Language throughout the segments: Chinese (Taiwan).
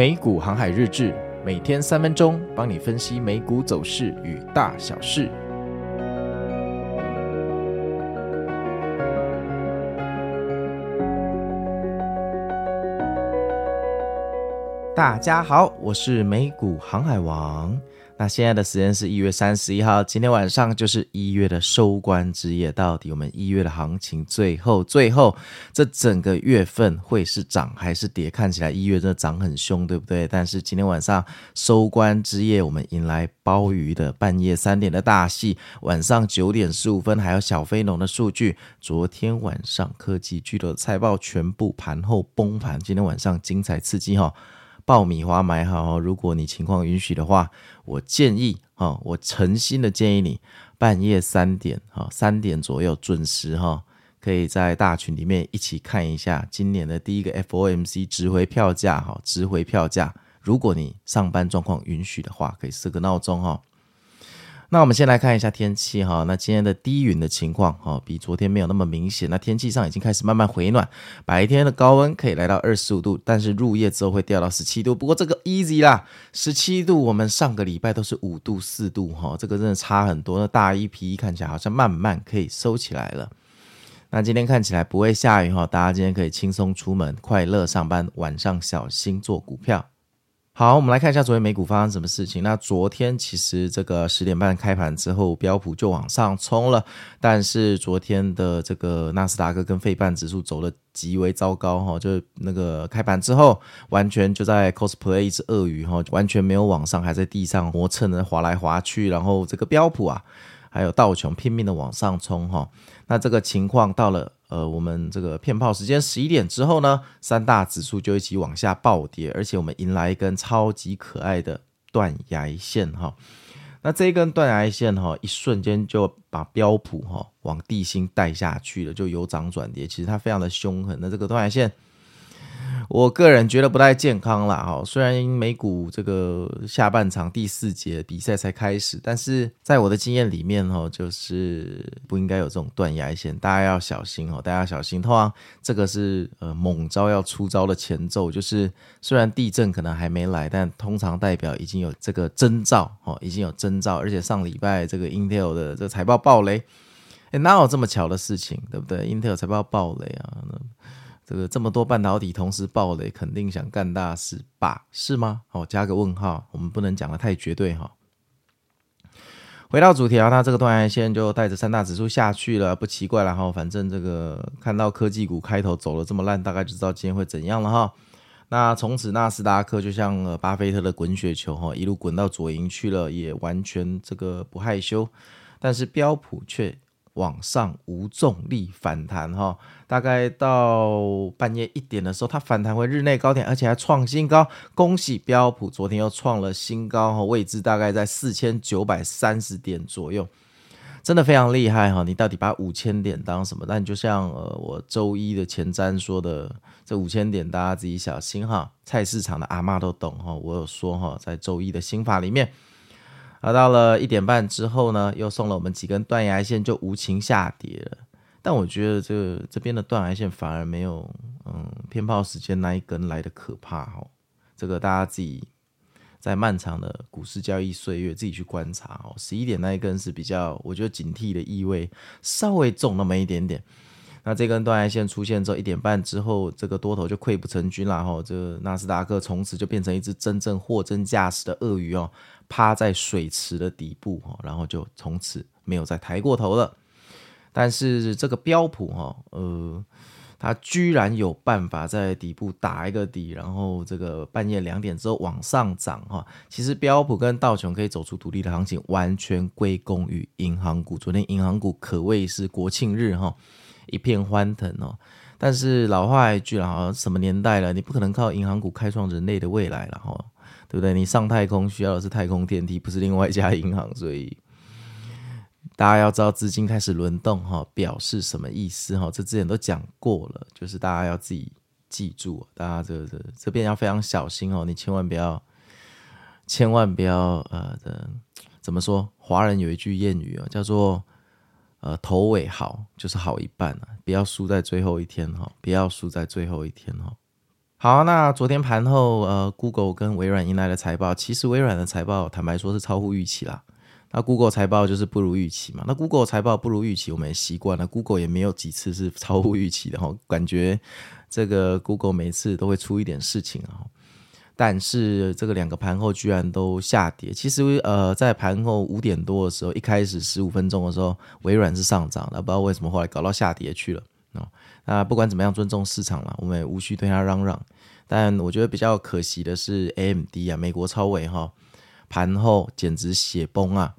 美股航海日誌，每天三分鐘，幫你分析美股走勢與大小事。大家好，我是美股航海王。那現在的時間是一月三十一號，今天晚上就是一月的收官之夜。到底我們一月的行情最後最後這整個月份會是漲還是跌？看起來一月真的漲很凶，對不對？但是今天晚上收官之夜，我們迎來鮑魚的半夜三點的大戲，晚上九點十五分還有小非農的數據。昨天晚上科技巨頭財報全部盤後崩盤，今天晚上精彩刺激哈。爆米花買好，如果你情況允許的話，我建議哈，我誠心的建議你，半夜三點哈，三點左右準時哈，可以在大群裡面一起看一下今年的第一個 FOMC 值回票價哈，值回票價，如果你上班狀況允許的話，可以設個鬧鐘哈。那我們先來看一下天氣哈，那今天的低雲的情況哈，比昨天沒有那麼明顯。那天氣上已經開始慢慢回暖，白天的高溫可以來到二十五度，但是入夜之後會掉到十七度。不過這個 easy 啦，十七度我們上個禮拜都是五度四度哈，這個真的差很多。那大衣皮衣看起來好像慢慢可以收起來了。那今天看起來不會下雨哈，大家今天可以輕鬆出門，快樂上班。晚上小心做股票。好，我們來看一下昨天美股發生什麼事情。那昨天其實這個十點半開盤之後，標普就往上衝了，但是昨天的這個納斯達克跟費半指數走了極為糟糕哈、哦，就那個開盤之後完全就在 cosplay 一隻鱷魚哈、哦，完全沒有往上，還在地上磨蹭的滑來滑去，然後這個標普啊，還有道瓊拼命的往上衝哈、哦，那這個情況到了。呃，我們這個片炮時間十一點之後呢，三大指數就一起往下暴跌，而且我們迎來一根超級可愛的斷崖線哈。那這一根斷崖線哈，一瞬間就把標普哈往地心帶下去了，就由漲轉跌，其實它非常的凶狠，那這個斷崖線。我個人覺得不太健康啦。哈。雖然美股這個下半場第四節比賽才開始，但是在我的經驗裡面哈，就是不應該有這種斷崖線，大家要小心哦，大家要小心。通常這個是呃猛招要出招的前奏，就是雖然地震可能還沒來，但通常代表已經有這個徵兆哦，已經有徵兆。而且上禮拜這個 Intel 的這個財報爆雷，欸，哪有這麼巧的事情，對不對？Intel 財報爆雷啊！這個這麼多半導體同時爆雷，肯定想幹大事吧？是嗎？好、哦，加個問號，我們不能講得太絕對哈、哦。回到主題啊，那這個斷崖線就帶着三大指數下去了，不奇怪了哈、哦。反正這個看到科技股開頭走了這麼爛，大概就知道今天會怎樣了哈、哦。那從此納斯達克就像、呃、巴菲特的滾雪球哈、哦，一路滾到左營去了，也完全這個不害羞。但是標普卻。往上無重力反彈哈，大概到半夜一點的時候，它反彈回日內高點，而且還創新高，恭喜標普昨天又創了新高哈，位置大概在四千九百三十點左右，真的非常厲害哈。你到底把五千點當什麼？但就像呃我週一的前瞻說的，這五千點大家自己小心哈。菜市場的阿嬤都懂哈，我有說哈，在週一的心法裡面。而到，到了一點半之後呢，又送了我們幾根斷崖線，就無情下跌了。但我覺得這個、這邊的斷崖線反而沒有，嗯，鞭炮時間那一根來得可怕哈、哦。這個大家自己在漫長的股市交易歲月自己去觀察哦。十一點那一根是比較，我覺得警惕的意味稍微重那麼一點點。那這根斷崖線出現之後，一點半之後，這個多頭就潰不成軍了哈。這個，納斯達克從此就變成一隻真正貨真價實的鱷魚哦，趴在水池的底部，然後就從此沒有再抬過頭了。但是這個標普哈，呃，它居然有辦法在底部打一個底，然後這個半夜兩點之後往上漲哈。其實標普跟道瓊可以走出獨立的行情，完全歸功於銀行股。昨天銀行股可謂是國慶日哈。一片歡騰哦，但是老話一句啊，什麼年代了？你不可能靠銀行股開創人類的未來了哈，對不對？你上太空需要的是太空電梯，不是另外一家銀行。所以大家要知道資金開始輪動哈，表示什麼意思哈？這之前都講過了，就是大家要自己記住，大家這個這這邊要非常小心哦，你千萬不要，千萬不要呃這怎麼說？華人有一句諺語啊，叫做。呃，頭尾好就是好一半了、啊，不要輸在最後一天哈、哦，不要輸在最後一天哈、哦。好、啊，那昨天盤後呃，Google 跟微軟迎來的財報，其實微軟的財報坦白說是超乎預期啦，那 Google 財報就是不如預期嘛。那 Google 財報不如預期，我們也習慣了，Google 也沒有幾次是超乎預期的哈、哦，感覺這個 Google 每次都會出一點事情啊、哦。但是這個兩個盤後居然都下跌。其實呃，在盤後五點多的時候，一開始十五分鐘的時候，微軟是上漲的，不知道為什麼後來搞到下跌去了。那、哦、那不管怎麼樣，尊重市場了，我們也無需對他嚷嚷。但我覺得比較可惜的是，A M D 啊，美國超微哈，盤後簡直血崩啊！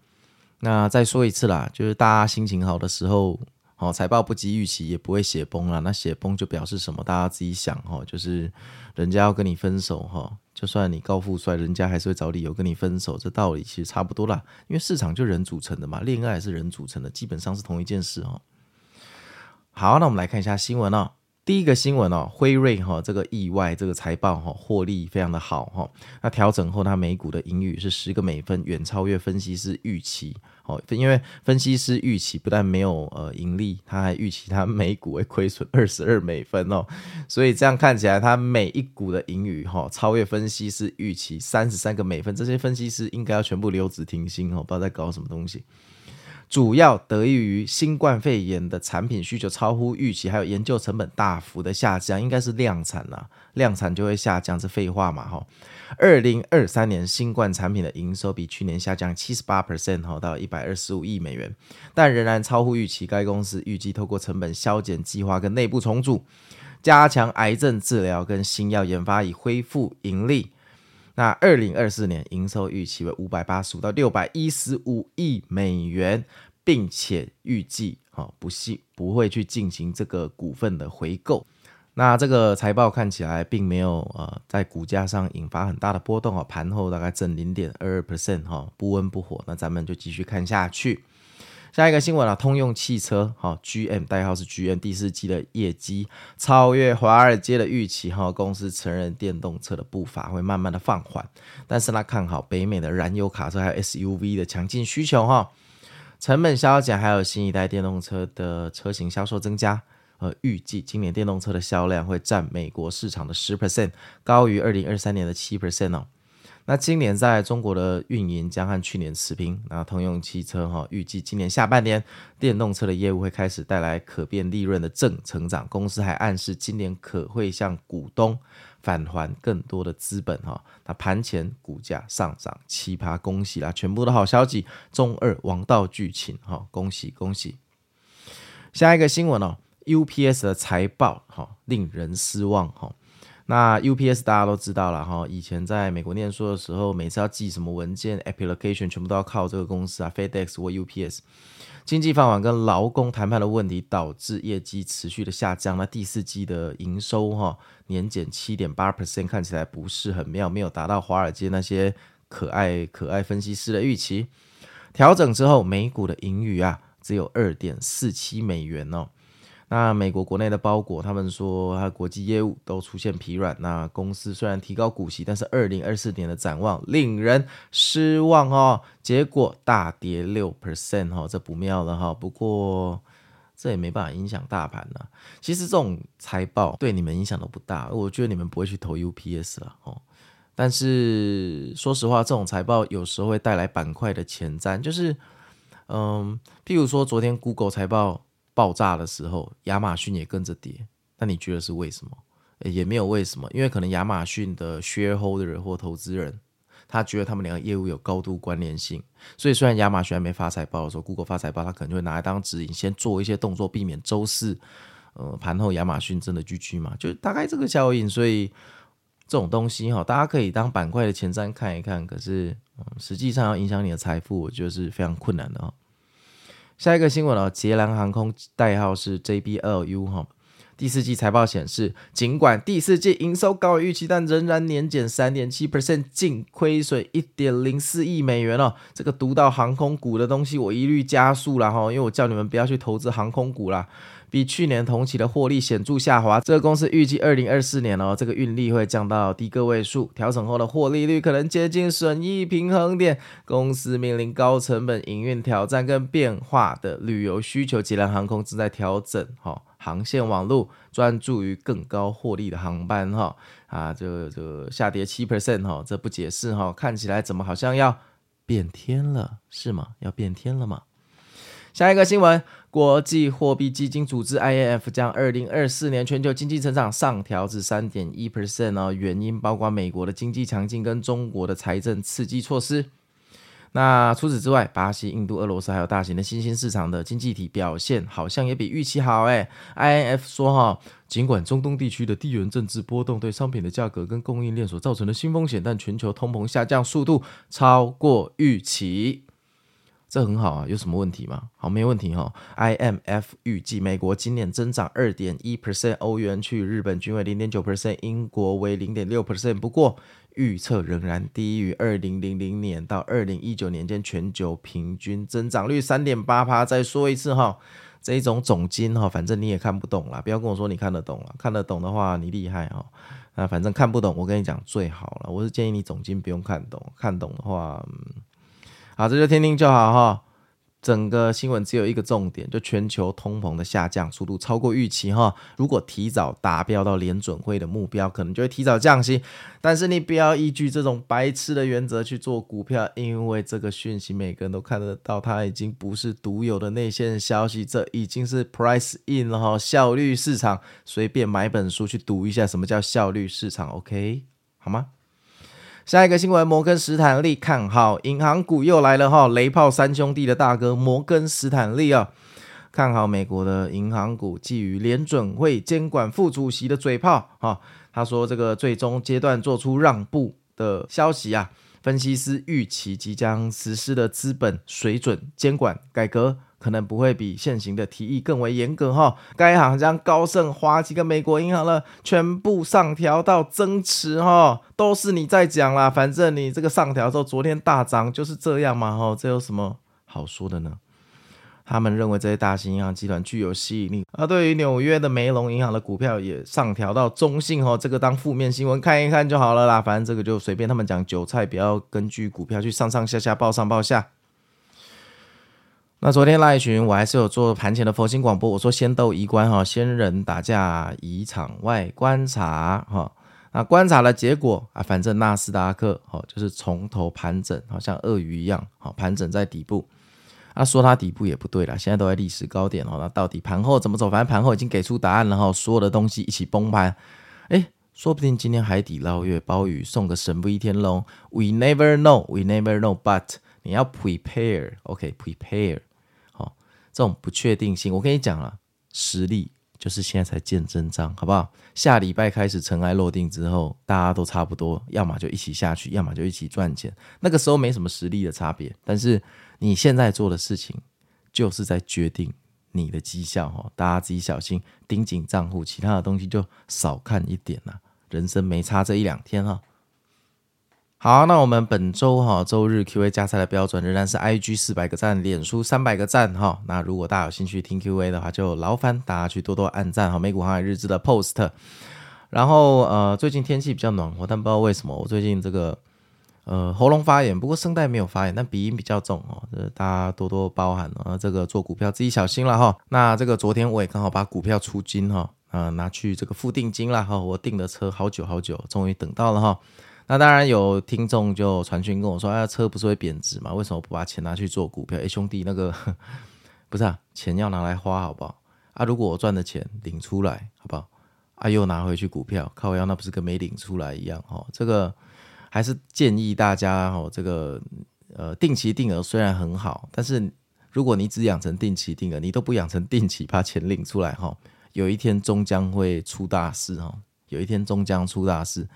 那再說一次啦，就是大家心情好的時候，哦，財報不及預期也不會血崩啦。那血崩就表示什麼？大家自己想哈，就是人家要跟你分手哈。就算你高富帥，人家還是會找理由跟你分手，這道理其實差不多啦。因為市場就人組成的嘛，戀愛是人組成的，基本上是同一件事哦。好，那我們來看一下新聞哦。第一個新聞哦，輝瑞哈這個意外這個財報哈獲利非常的好哈，那調整後它每股的盈餘是十個美分，遠超越分析師預期哦。因為分析師預期不但沒有呃盈利，他還預期它每股會虧損二十二美分哦。所以這樣看起來，它每一股的盈餘哈超越分析師預期三十三個美分，這些分析師應該要全部留職停薪哦，不知道在搞什麼東西。主要得益於新冠肺炎的產品需求超乎預期，還有研究成本大幅的下降，應該是量產了、啊，量產就會下降，這廢話嘛？吼，二零二三年新冠產品的營收比去年下降七十八 percent 吼，到一百二十五億美元，但仍然超乎預期。該公司預計透過成本削減計劃跟內部重組，加強癌症治療跟新藥研發，以恢復盈利。那二零二四年營收預期為五百八十五到六百一十五億美元，並且預計哈不不會去進行這個股份的回購。那這個財報看起來並沒有呃在股價上引發很大的波動啊，盤後大概正零點二二 percent 哈，不溫不火。那咱們就繼續看下去。下一個新聞啊，通用汽車哈，GM 代號是 GM，第四季的業績超越華爾街的預期哈，公司承認電動車的步伐會慢慢的放緩，但是呢，看好北美的燃油卡車還有 SUV 的強勁需求哈，成本削減還有新一代電動車的車型銷售增加，呃，預計今年電動車的銷量會占美國市場的十 percent，高於二零二三年的七 percent 哦。那今年在中國的運營將和去年持平。那通用汽車哈、哦、預計今年下半年電動車的業務會開始帶來可變利潤的正成長。公司還暗示今年可會向股東返還更多的資本哈、哦。那盤前股價上漲，7%，恭喜啦！全部的好消息，中二王道劇情哈、哦，恭喜恭喜！下一個新聞哦，UPS 的財報哈、哦、令人失望哈、哦。那 UPS 大家都知道了哈，以前在美國念書的時候，每次要寄什麼文件 application，全部都要靠這個公司啊，FedEx 或 UPS。經濟放緩跟勞工談判的問題導致業績持續的下降。那第四季的營收哈，年減七點八 percent，看起來不是很妙，沒有達到華爾街那些可愛可愛分析師的預期。調整之後，每股的盈餘啊，只有二點四七美元哦。那美國國內的包裹，他們說它國際業務都出現疲軟。那公司雖然提高股息，但是二零二四年的展望令人失望哦。結果大跌六 percent 哦，這不妙了哈哦。不過這也沒辦法影響大盤啊。其實這種財報對你們影響都不大，我覺得你們不會去投 UPS 了哦。但是說實話，這種財報有時候會帶來板塊的前瞻，就是嗯，譬如說昨天 Google 財報。爆炸的時候，亞馬遜也跟着跌。那你覺得是為什麼？也沒有為什麼，因為可能亞馬遜的 shareholder 或投資人，他覺得他們兩個業務有高度關聯性，所以雖然亞馬遜還沒發財報的時候，Google 發財報，他可能就會拿來當指引，先做一些動作，避免周四，呃，盤後亞馬遜真的 GG 嘛，就大概這個效應。所以這種東西哈、哦，大家可以當板塊的前瞻看一看，可是、嗯、實際上要影響你的財富，我覺得是非常困難的啊、哦。下一個新聞呢？捷藍航空代號是 JBLU 哈。第四季財報顯示，儘管第四季營收高於預期，但仍然年減三點七 percent，淨虧損一點零四億美元了。這個讀到航空股的東西，我一律加速了哈，因為我叫你們不要去投資航空股啦。比去年同期的獲利顯著下滑。這個公司預計二零二四年哦，這個運力會降到低個位數，調整後的獲利率可能接近損益平衡點。公司面臨高成本營運挑戰跟變化的旅遊需求。捷藍航空正在調整哈、哦、航線網絡，專注於更高獲利的航班哈、哦、啊，這這下跌七 percent 哈，這不解釋哈、哦，看起來怎麼好像要變天了，是嗎？要變天了嗎？下一個新聞，國際貨幣基金組織 IMF 將二零二四年全球經濟成長上調至三點一 percent 哦，原因包括美國的經濟強勁跟中國的財政刺激措施。那除此之外，巴西、印度、俄羅斯還有大型的新興市場的經濟體表現好像也比預期好哎。IMF 說哈、哦，儘管中東地區的地緣政治波動對商品的價格跟供應鏈所造成的新風險，但全球通膨下降速度超過預期。這很好啊，有什麼問題嗎？好，沒問題哈。IMF 預計美國今年增長2.1%，歐元區日本均為0.9%，英國為0.6%。不過預測仍然低於2000年到2019年間全球平均增長率3.8%。再說一次哈，這一種總金哈，反正你也看不懂啦，不要跟我說你看得懂啦。看得懂的話你厲害哈，啊，反正看不懂，我跟你講最好了。我是建議你總金不用看懂，看懂的話。嗯好，這就聽聽就好哈。整個新聞只有一個重點，就全球通膨的下降速度超過預期哈。如果提早達標到聯準會的目標，可能就會提早降息。但是你不要依據這種白痴的原則去做股票，因為這個訊息每個人都看得到，它已經不是獨有的內線消息，這已經是 price in 了哈。效率市場，隨便買本書去讀一下什麼叫效率市場，OK 好嗎？下一個新聞，摩根士坦利看好銀行股又來了哈，雷炮三兄弟的大哥摩根士坦利啊，看好美國的銀行股，基於聯準會監管副主席的嘴炮哈，他說這個最終階段做出讓步的消息啊，分析師預期即將實施的資本水準監管改革。可能不會比現行的提議更為嚴格哈、哦。該行將高盛、花旗跟美國銀行呢，全部上調到增持哈、哦，都是你在講啦。反正你這個上調之後，昨天大漲就是這樣嘛、哦。哈，這有什麼好說的呢？他們認為這些大型銀行集團具有吸引力。而、啊、對於紐約的梅隆銀行的股票也上調到中性哈、哦，這個當負面新聞看一看就好了啦。反正這個就隨便他們講，韭菜不要根據股票去上上下下報上報下。那昨天賴一群我還是有做盤前的佛心廣播，我說仙鬥一關哈，仙人打架一場外觀察哈，那觀察的結果啊，反正納斯達克就是從頭盤整，好像鱷魚一樣哈，盤整在底部。那、啊、說它底部也不對了，現在都在歷史高點哦。那到底盤後怎麼走？反正盤後已經給出答案了，然後所有的東西一起崩盤。哎、欸，說不定今天海底撈月，鮑魚送個神不一天嘍 We never know, we never know, but 你要 prepare, OK, prepare。這種不確定性，我跟你講了啊，實力就是現在才見真章，好不好？下禮拜開始塵埃落定之後，大家都差不多，要麼就一起下去，要麼就一起賺錢。那個時候沒什麼實力的差別，但是你現在做的事情就是在決定你的績效，哈，大家自己小心盯緊賬戶，其他的東西就少看一點啦、啊，人生沒差這一兩天、啊，哈。好，那我們本周哈周日 Q&A 加菜的標準仍然是 IG 四百個讚，臉書三百個讚哈、哦。那如果大家有興趣聽 Q&A 的話，就勞煩大家去多多按讚哈、哦、美股航海日誌的 post。然後呃，最近天氣比較暖和，但不知道為什麼我最近這個呃喉嚨發炎，不過聲帶沒有發炎，但鼻音比較重哦，就是，大家多多包涵哦。這個做股票自己小心了哈、哦。那這個昨天我也剛好把股票出金哈啊，哦呃，拿去這個付定金了哈、哦。我訂的車好久好久，終於等到了哈。哦那當然有聽眾就傳訊跟我說：“啊車不是會貶值嗎？為什麼不把錢拿去做股票？”哎，兄弟，那個不是啊，錢要拿來花，好不好？啊，如果我賺的錢領出來，好不好？啊，又拿回去股票，靠腰！我要那不是跟沒領出來一樣？哈、哦，這個還是建議大家哈、哦，這個呃，定期定額雖然很好，但是如果你只養成定期定額，你都不養成定期把錢領出來，哈、哦，有一天終將會出大事，哈、哦，有一天終將出大事，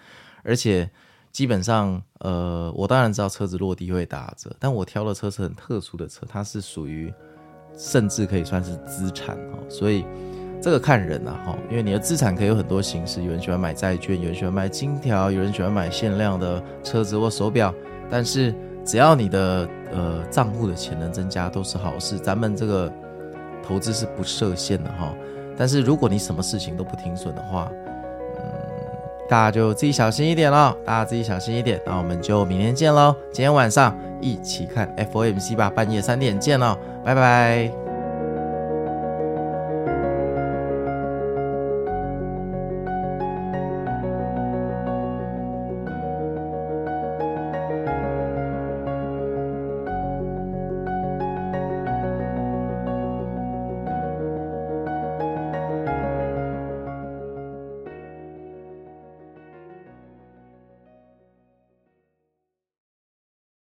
而且。基本上，呃，我當然知道車子落地會打折，但我挑的車是很特殊的車，它是屬於甚至可以算是資產哦，所以這個看人啊哈，因為你的資產可以有很多形式，有人喜歡買債券，有人喜歡買金條，有人喜歡買限量的車子或手錶，但是只要你的呃賬戶的錢能增加都是好事，咱們這個投資是不設限的哈，但是如果你什麼事情都不停損的話。大家就自己小心一點嘍，大家自己小心一點。那我們就明天見嘍，今天晚上一起看 FOMC 吧，半夜三點見嘍，拜拜。